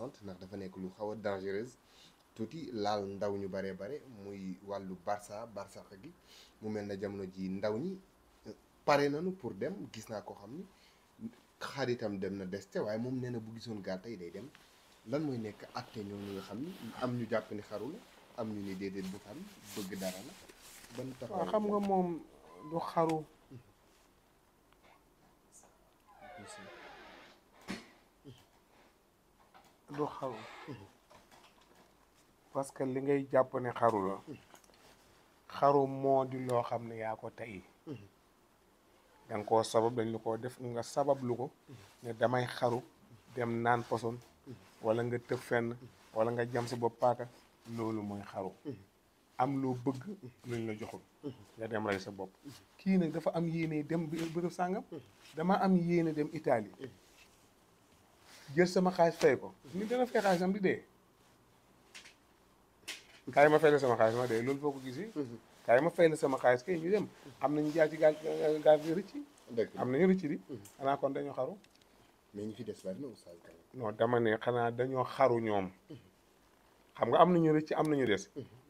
adolescente ndax dafa nekk lu xaw a dangereuse tuuti laal ndaw ñu baree bare muy wàllu Barça Barça gi mu mel na jamono ji ndaw ñi euh, pare nañu pour dem gis naa koo xam ni xaritam dem na des te waaye moom nee na bu gisoon gaal tey day dem lan mooy nekk atte ñooñu nga xam ni am ñu jàpp ni xarul am ñu ni déedéet bu xam bëgg dara la ban xam nga moom du xaru du xaru parce que li ngay jàppoo ne xaru la xaru moo di loo xam ne yaa ko tey da nga koo sabab dañ la koo def nga sabab lu ko ne damay xaru dem naan poson wala nga tëb fenn wala nga jam sa bopp paaka loolu mooy xaru la joxul nga kii nag dafa am yéene dem bërëb sàngam dama am yéene dem Italie jël sama xaalis fay ko nit dana fay xaalisam di ma fay la ma dee loolu foo ko gis mhm. kaay ma fay la sama xaalis kay ñu dem am nañu jaar ci gaal euh, gaal gi am na rëcc di mhm. xanaa kon dañoo xaru mais ñu fi des bari na oustaz non dama ne xanaa dañoo xaru ñoom mhm. xam nga am ñu rëcc am na ñu des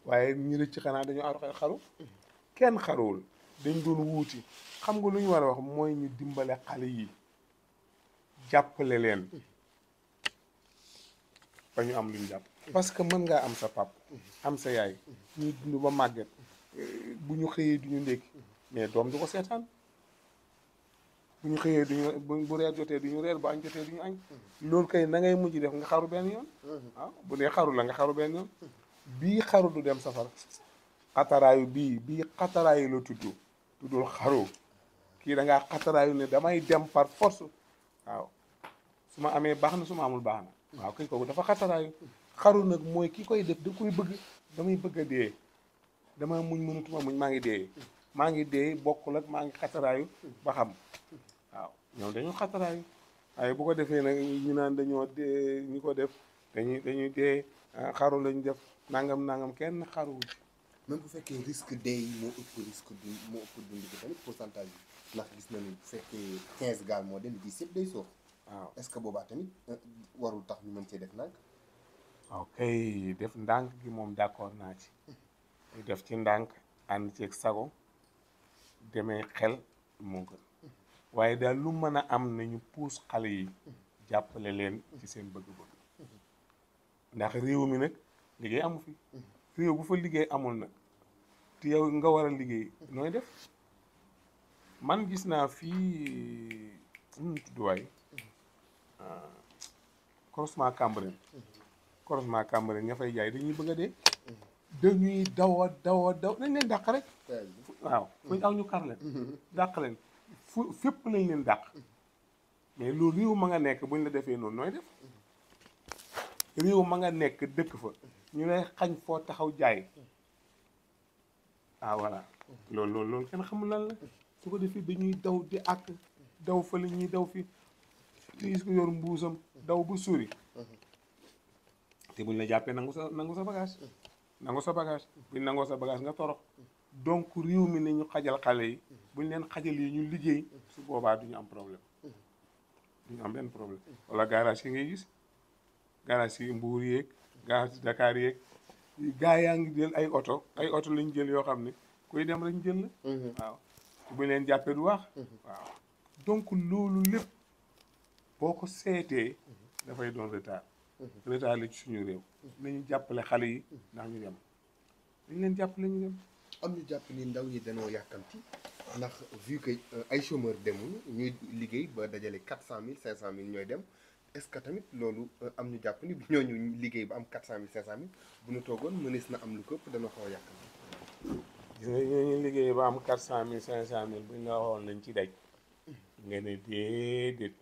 waaye ñu rëcc xanaa dañoo ar xaru kenn xaruwul dañ doon wuuti xam nga lu ñu war a wax mooy ñu dimbale xale yi jàppale leen ba ñu am lu ñu jàpp parce que mën ngaa am sa pap am sa yaay ñuy dund ba màgget bu ñu xëyee du ñu ndékki mais doom du ko seetaan bu ñu xëyee du ñu bu reer jotee du ñu reer bu añ jotee du ñu añ loolu kay na ngay mujj def nga xaru benn yoon waaw ah, bu dee xaru la nga xaru benn bii xaru du dem safara xataraayu bii bii xataraayu la tudd tuddul xaru kii da ngaa xataraayu ne damay dem par force waaw su ma amee baax na su ma amul baax na waaw kay kooku dafa xataraayu xaru nag mooy kii koy def da kuy bëgg damay bëgg a dee dama muñ mënatuma muñ maa ngi dee maa ngi dee bokkul ak maa ngi xataraayu ba xam waaw ñoom dañu xataraayu waaye bu ko defee nag ñu naan dañoo dee ñu ko def dañuy dañuy dee ah, xaru lañu def nangam nangam kenn xaruwul même bu fekkee risque dee yi moo ëpp risque du moo ëpp dund bi bi ndax gis nañu bu fekkee 15 gaal moo dem 10 yëpp day soox waaw est-ce que boobaa tamit euh, warul tax mu mën cee def ndànk. ok def ndànk gi moom d'accord naa ci. def ci ndànk ànd ceeg sago demee xel moo gën waaye daal lu mën a am nañu puus xale yi jàppale leen ci seen bëgg-bëgg ndax réew mi nag liggéey amu fi réew bu fa liggéey amul nag te yow nga war a liggéey nooy def man gis naa fii nu mu Euh, croisement Cambérène croisement Cambérène ña fay jaay dañuy bëgg a dee dañuy daw a daw a nañ leen dàq rek waaw fuñ aw ñu kar leen dàq leen fu fépp lañ leen dàq mais loolu réew ma nga nekk buñ la defee noonu nooy def réew ma nga nekk dëkk fa ñu lay xañ foo taxaw jaay ah voilà loolu loolu loolu kenn xamul la su ko defee dañuy daw di àkk daw fa la ñuy daw fii nga gis ko yor mbuusam daw bu sori te buñ la jàppee nangu sa nangu sa bagage nangu sa bagage buñ nangoo sa bagage nga torox donc réew mi ne ñu xajal xale yi buñ leen xajal yi ñu liggéey su boobaa duñu am problème duñu am benn problème wala garage yi ngay gis garage yi Mbuur yeeg garage Dakar yeeg gaa yaa ngi jël ay oto ay oto lañ jël yoo xam ne kuy dem rek jël la mhm. waaw buñ leen jàppee du wax mhm. waaw donc loolu lépp boo ko seetee mhm. dafay doon retard retard la ci suñu réew mhm. nañu jàppale xale yi mhm. ndax ñu dem dañ leen jàppale ñu dem am ñu jàpp ni ndaw ñi dañoo yàkkamti ndax vu que euh, ay chômeur demul ñuy liggéey ba dajale quatre cent mille cinq cent mille ñooy dem est-ce que loolu euh, am ñu jàpp ni bu ñooñu liggéey ba am quatre cent mille cinq cent mille bu ñu toogoon mënees na am lu këpp dana xaw a yàkkamti gis nga ñooñu liggéey ba am quatre cent mille cinq cent mille bu ñu la waxoon lañ ci daj nga ne déedéet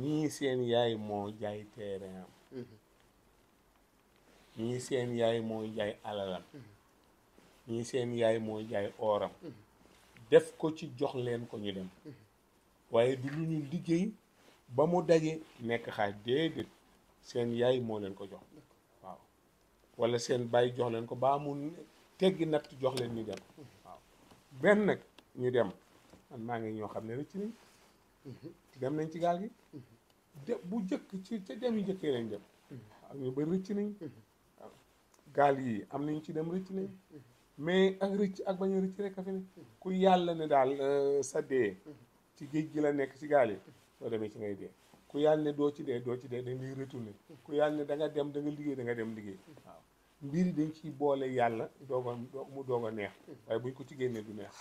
ñii seen yaay moo jaay terrain am mm-hmm. ñii seen yaay moo jaay alalam mm-hmm. ñii seen yaay moo jaay ooram mm-hmm. def ko ci jox leen ko ñu dem waaye du lu ñu liggéey ba mu daje nekk xaaj déedéet seen yaay moo leen ko jox waaw walla seen baay jox leen ko baa mu teggi natt jox leen ñu dem benn nag ñu dem man maa ngi ñoo xam ne rëcc nañ Mm-hmm. dem nañ ci gaal gi mm-hmm. de bu jëkk ci ca dem yu jëkk yi lañ dem mm-hmm. am ñu ba rëcc nañ gaal yi am nañ ci dem rëcc nañ mais ak rëcc ak ba ñu rëcc rekk fi ne ku yàlla ne daal euh, sa dee ci géej gi la nekk ci gaal yi soo demee ci ngay dee ku yàlla ne doo ci dee doo ci dee dañ lay ku yàlla ne dem da liggéey da nga dem liggéey waaw mbir yi dañ ciy boole yàlla doog mu doog a neex waaye buñ ko ci génnee du neex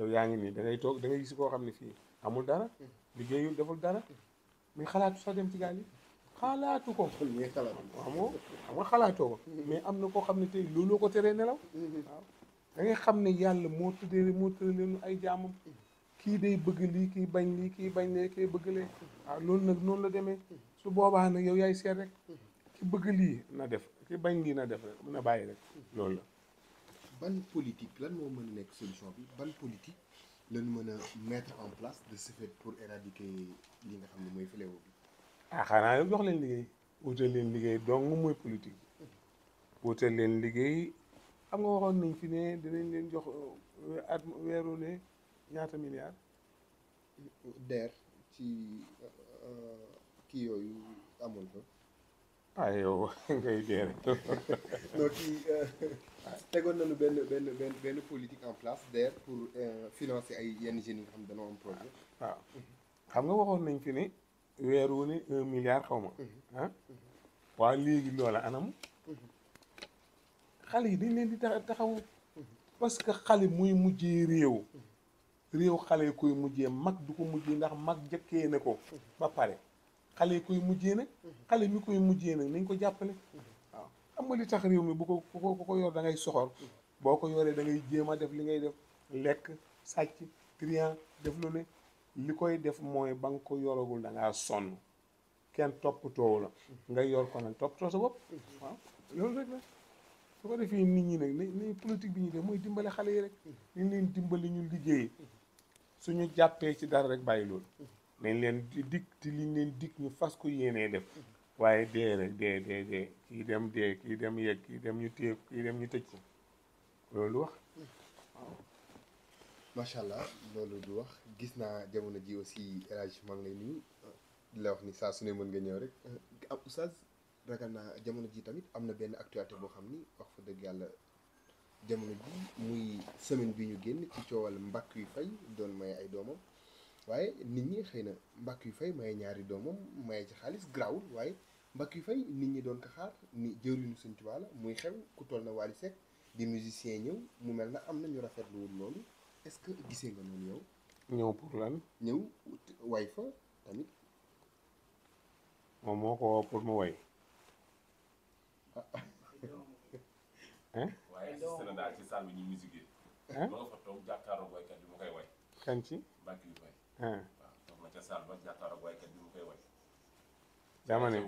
yow yaa ngi nii dangay toog dangay gis koo xam ne fii amul dara liggéeyul deful dara muy xalaatu sax dem ci gaal yi xalaatu ko waaw xam nga xalaatoo mm-hmm. mais am na koo xam ne tey looloo ko teree nelaw mm-hmm. dangay xam ne yàlla moo tuddee moo tëddee leen ay jaamam kii day bëgg lii kii bañ lii kii bañ lee kii bëgg lee loolu nag noonu la demee su boobaa nag yow yaay seet rek mm-hmm. ki bëgg lii na def kii bañ lii na def rek a bàyyi rek loolu la ban politique lan moo mën a nekk solution bi ban politique lan mën a mettre en place de ce fait pour éradiquer li nga xam ne mooy fléau bi. ah xanaa yow jox leen liggéey wutal leen liggéey dong mooy politique wutal leen liggéey xam nga waxoon nañ fi ne dinañ leen jox euh, at weeru ne ñaata milliards. DER ci euh, euh, kii yooyu amul fa. ah ngay dee rek. kii tegoon nañu benn benn benn benn politique en place d'ailleurs pour eh, financer ay yenn jeunes yi xam ne am projet. waaw ah, xam nga waxoon nañ fi ni weer ni un milliard xaw ma. Mhm. ah waaw léegi loola anam. Mhm. xale yi dañ leen di taxaw mhm. parce que xale muy mujjee réew. réew xale yi koy mujjee mag du ko mujjee ndax mag jëkkee na ko ba pare. xale yi koy mujjee nag xale mi koy mujjee nag nañ ko jàppale waaw xam nga li tax réew mi bu ko ku ko yor da ngay soxor boo ko yoree dangay ngay jéem a def li ngay def lekk sàcc trian def lu ne li koy def mooy ba nga ko yoragul kenn toppatoo la nga yor ko nag sa bopp waaw loolu ko defee nit ñi nag ni politique bi ñu def mooy dimbale xale yi rek liñ leen dimbali ñu liggéey suñu jàppee ci dara rek bàyyi loolu dañ leen di dig te leen dig ñu fas ko yéenee def waaye dee rek dee dee dee kii dem dee kii dem yegg kii dem ñu téye kii ñu tëj ko loolu wax waaw macha allah loolu du wax gis naa jamono ji aussi El Hadj maa ngi lay wax ni saa su ne mën nga ñëw rek am ah, oustaz ragal naa jamono ji tamit am na benn actualité boo xam ni wax fa dëgg yàlla jamono ji muy semaine bi ñu génn ci coowal mbàkk yu fay doon may ay doomam waaye nit ñi xëy na mbakk yu fay may ñaari doomam maye ci xaalis grawul waaye Mbackiyou fay nit ñi doon ko xaar ni jëriñu Sëñ Tuubaa la muy xew ku toll na Wally Seck di musicien ñëw mu mel na am na ñu rafetlu woon loolu est-ce que gisee nga noonu yow. ñëw pour lan. ñëw way fa tamit. moom moo ko pour mu way. waaye assisté na waaw toog na ca saal ba bi dama ne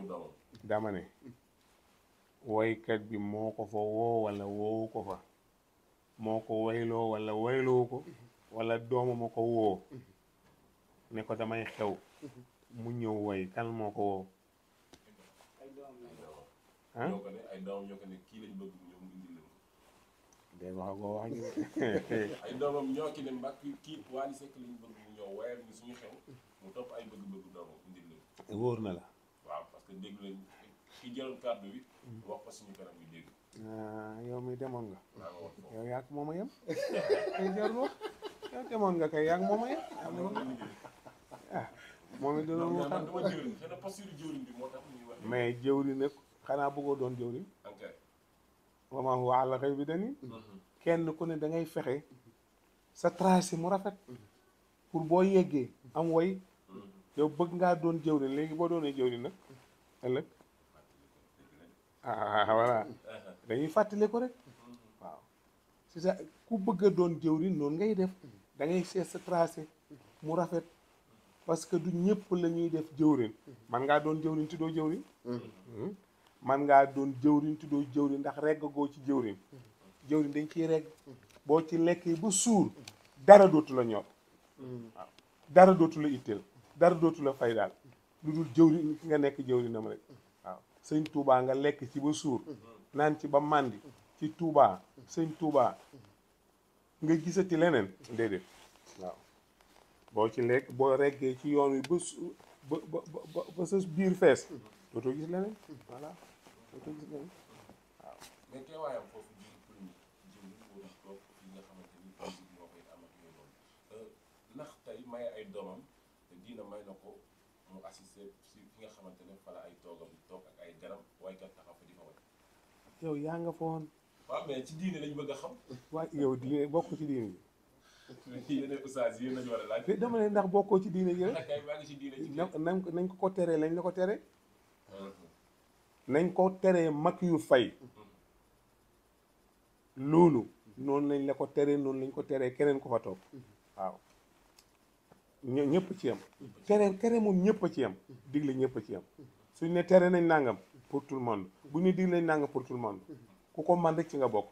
dama ne waykat bi moo ko fa woo wala woowu ko fa moo ko wayloo walla wayloo ko wala doomam ko woo ne ko damay xew mu ñëw way kan moo ko woo ah ay doomam ñoo ko wax ak ay doomam ñoo ki ne mbàkk kii Wally Seck lañ bëgg ñoo wayal ñu suñu wóor na la waaw parce que dégg lañ ki jël kàddu bi mm. wax ko kanam bi dégg ah, yow mi demoon nga yow yaag moom a yem ay jarul wax demoon nga kay yaag moom a yem ah moom it dina ma xam mais jëwriñ nag xanaa bëggoo doon jëwriñ vraiment waa la xëy bi dañuy mm-hmm. kenn ku ne da ngay fexe sa tracé mu rafet mm-hmm. pour boo yeggee am woy yow bëgg ngaa doon jëwriñ léegi boo doonee jëwriñ nag ëllëg ah, ah voilà dañuy fàttali ko rek waaw c'est sa ku bëgg a doon jëwriñ noonu ngay def da ngay seet sa tracé mu rafet parce que du ñëpp la ñuy def jëwriñ man ngaa doon jëwriñ ti doo jëwriñ hmm? man ngaa doon jëwriñ ti doo jëwriñ ndax regg goo ci jëwriñ jëwriñ dañ ciy regg boo ci lekkee ba suur dara dootu la ñor waaw dara dootu la itteel dara dootu la fay daal lu dul jëwri ki nga nekk jëwrinam rek waaw sëñ tuubaa nga lekk ci ba suur naan ci ba màndi ci tuubaa sëñ Touba nga gisati leneen déedéet waaw boo ci lekk boo reggee ci yoon wi ba su ba ba sa biir fees dootoo gis leneen maye ay doomam te diina may na ko mu assister fi nga xamante ne fala ay toogam toog ak ay deram waykat taxaw fa di fa way yow yaa nga foon waaw mais ci diine lañ bëgg a xam waaw yow diine bokk ci diine ji yéen oustaz dama ne ndax bokkoo ci diine ji rek kay maa ngi ci diine ji nañ ko ko teree lañ la ko tere uh-huh. nañ ko teree mag yu fay uh-huh. loolu noonu lañ la ko teree noonu lañ ko teree keneen ko fa toog uh-huh. waaw ñë ñëpp ci yem tere tere moom ñëpp a ci yem digle ñëpp a ci yem suñ ne tere nañ nàngam pour tout le monde bu ñu digle nañ nàngam pour tout le monde ku ko man rek ci nga bokk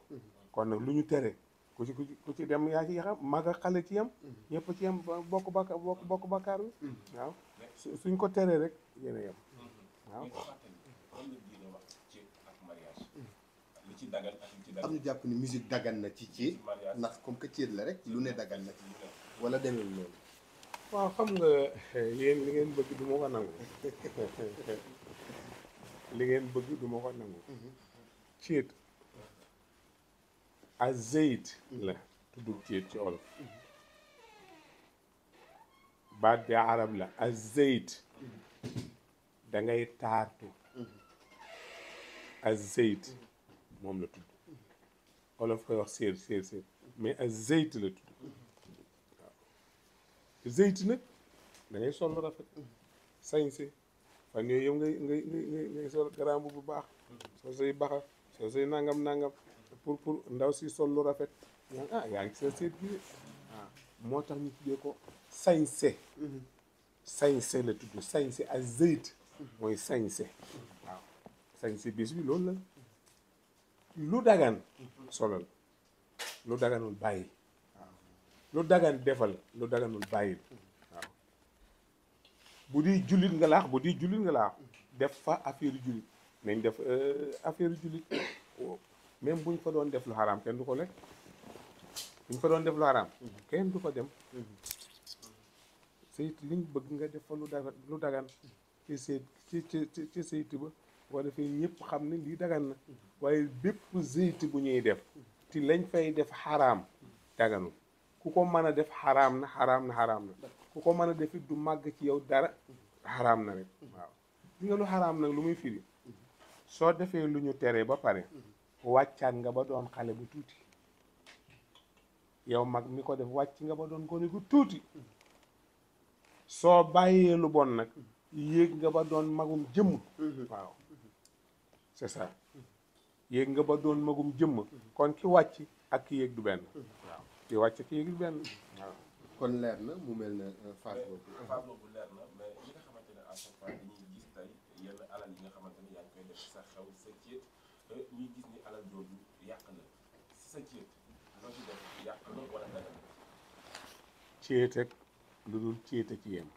kon nag lu ñu tere ku ci ku ci dem yaa ci yaxam mag a xale ci yem ñëpp a ci yem bokk bakkaar bokk bokk bakkaar bi waaw suñ ko teree rek yéen a yem waaw am ñu jàpp ni musique dagan na ci ci ndax comme que ceet la rek lu ne dagan na wala demee waaw xam nga eh, yéen li bëgg du ma ko nangu li ngeen bëgg du ma ko nangu ciit azeyt la tuddul ciit ci olof baat bi arab la azeyt da ngay taatu azeyt moom la tudd olof koy wax séer séer séer mais azeyt la tudd zeyt nag da ngay sol lu rafet sañse fan yooyu yow ngay ngay ngay ngay sol garambu bu baax soo say nangam nangam pour pour ndaw si sol lu rafet yaa ah yaa ngi sa seet bi waaw ah. moo tax ñu tuddee ko sañse mm-hmm. sañse la tudd sañse ak zeyt mooy sañse waaw sañse bis bi loolu la lu dagan mm-hmm. solal lu daganul bàyyi lu dagan defal lu daganul bàyyil waaw bu di jullit nga laax bu di jullit nga laax def fa affaire jullit nañ def euh, affaire jullit oh, même buñ fa doon def lu xaraam kenn du ko doon def lu xaraam fa dem sayt liñ bëgg nga def fa lu dagan lu dagan ci sayt ci ci ci sayt ba boo defee ñëpp xam ne lii dagan na waaye bépp sayt bu ñuy def ti lañ fay def xaraam daganul ku ko mën a def xaraam na xaraam na xaraam na ku ko mën a defit it du màgg ci yaw dara xaraam na rek waaw lu xaraam nag lu muy firi soo defee lu ñu tere ba pare wàccaat nga ba doon xale bu tuuti yow mag mi ko def wàcc nga ba doon gone gu tuuti soo bàyyee lu bon nag yéeg nga ba doon magum jëmm c'est ça yéeg nga ba doon magum jëmm kon ki wàcc ak ki yéeg du benn di wàcc ci yëgul na mu mel ne euh, phase boobu. xamante ne gis tey yenn alal yi nga xamante euh, ci def yàq na wala lu dul ceet ci yem.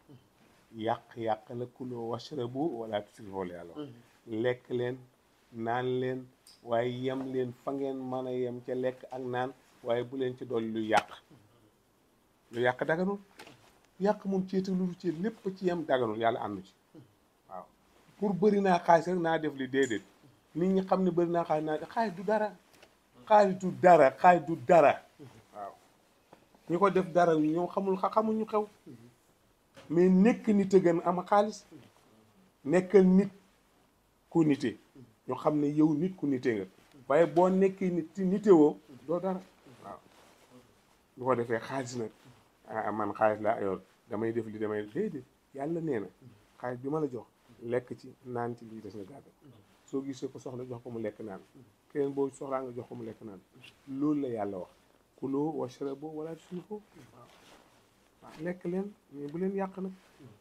yàq yàq la kuloo washrabu wala tusrifoo yàlla. Mm-hmm. lekk leen naan leen waaye yem leen fa ngeen yem ca lekk ak naan. waaye bu leen ci dolli lu yàq lu yàq daganul yàq moom ceeta lu ci lépp ci yem daganul yàlla àndu ci waaw pour bari naa xaalis rek naa def li déedéet nit ñi xam ne bari naa xaalis naa xaalis du dara xaalis du dara xaalis du dara ñu ko def dara ñoom xamul xamuñu xew mais nekk nit gën am xaalis nekkal nit ku nite ñu xam ne yow nit ku nite nga waaye boo nekkee nit nite woo doo dara bu ko defee xaalis nag ah man xaalis laa ayoon damay def li damay déedéet yàlla nee na xaalis bi ma la jox lekk ci naan ci lii des na gàttal soo gisee ko soxla jox ko mu lekk naan keneen boo soxlaa nga jox ko mu lekk naan loolu la yàlla wax kuloo boo wala tusrifoo waaw waaw lekk leen mais bu leen yàq nag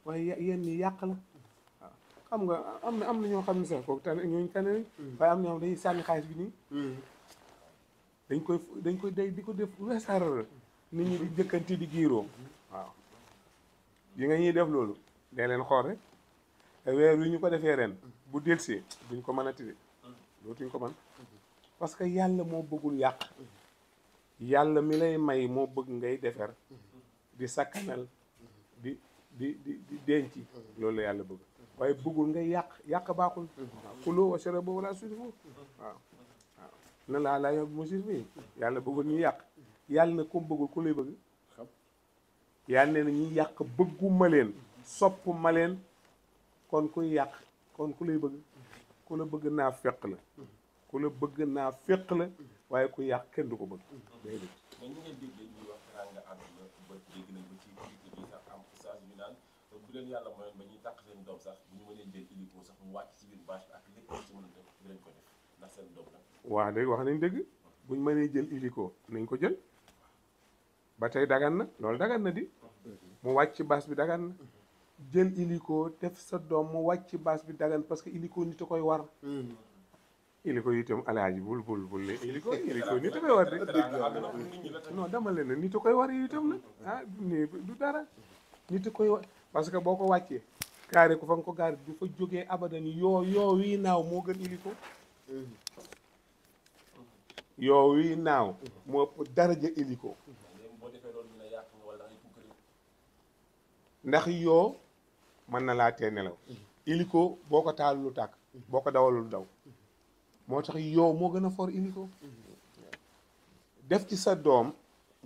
waaye yenn yàq la xam nga am na am na ñoo xam ne sax kooku tane ñooñu tane nañ mm. waaye sànni xaalis bi nii mm. dañ koy dañ koy day di ko def weesaaral nit ñi di jëkkanti di giiroo waaw yi nga ñuy def loolu dee leen xool rek te weer wi ñu ko defee ren bu delsee duñ ko mën a tide dootuñ ko mën parce que yàlla moo bëggul yàq yàlla mi lay may moo bëgg ngay defar di sakkanal di di di di denc loolu la yàlla bëgg waaye bëggul ngay yàq yàq baaxul waaw kuloo wa sharaboo wala foofu waaw waaw na laa laa yo monsir bi yàlla bëggul ñu yàq yàlla na ko bëggul ku lay bëgg xam yàlla na ñu yàq bëggu ma leen sopp ma leen kon kuy yàq kon ku lay bëgg ku la bëgg naa fekk la ku naa fekk la waaye ku yàq kenn du ko bëgg day dëgg mais ñu ngay déggee wax nañ ba ñu bu leen yàlla mayoon ba ñuy tàq seen doom ñu a def ko def ndax wax nañ buñ mënee jël illico nañ ko jël ba tey dagan na loolu dagan na di mu wàcc ci baas bi dagan na jël iliko def sa doom mu wàcc ci baas bi dagan parce que iliko nit a koy war iliko itam alaaji bul bul bul ne iliko iliko nit a koy war de non dama leen ne nit a koy war yi itam nag ah du dara nit a koy war parce que boo ko wàccee gaare ko fa nga ko gaare du fa jógee abadan yoo yoo wii naaw moo gën iliko yoo wii naaw moo ëpp daraja iliko ndax yoo mën na laa tee nelaw iliko boo ko taalul lu tàkk boo ko dawalul daw moo tax yoo moo gën a foor iliko def ci sa doom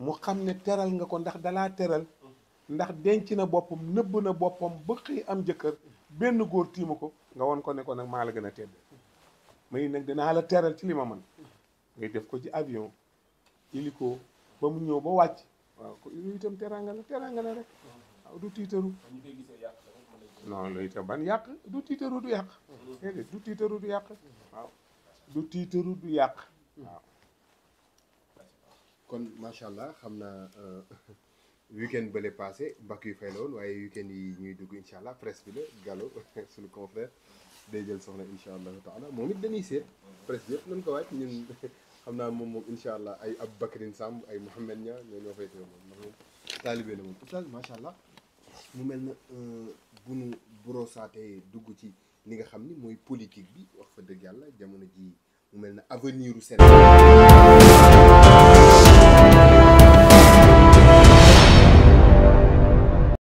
mu xam ne teral nga ko ndax dalaa teral ndax denc na boppam nëbb na boppam ba xëy am jëkkër benn góor tiimu ko nga won ko nekkoon ko nag maa la gën a tedd may nag danaa la teral ci li ma man ngay def ko ci avion iliko ba mu ñëw ba wàcc waaw ko itam teranga la teranga la rek waaw du tiitaru non lay te ban yàq du tiitaru du yàq mm-hmm. déedéet du tiitaru du yàq waaw du tiitaru du yàq waaw kon macha allah xam naa euh, weekend bële passé mbakk yu fay la woon waaye weekend yi ñuy dugg incha allah presse bi la Gallo suñu confrère day jël soxna incha allahu taala moom it dañuy seet presse yëpp nañ ko wàcc ñun xam naa moom moom incha allah ay Aboubacrine Samb ay Mouhamed Niang ñoo ñoo fay teew moom ndax la moom allah mu mel na euh, bu nu brosaatee dugg ci ni nga xam ni mooy politique bi wax fa dëgg yàlla jamono ji mu mel na avenir u Sénégal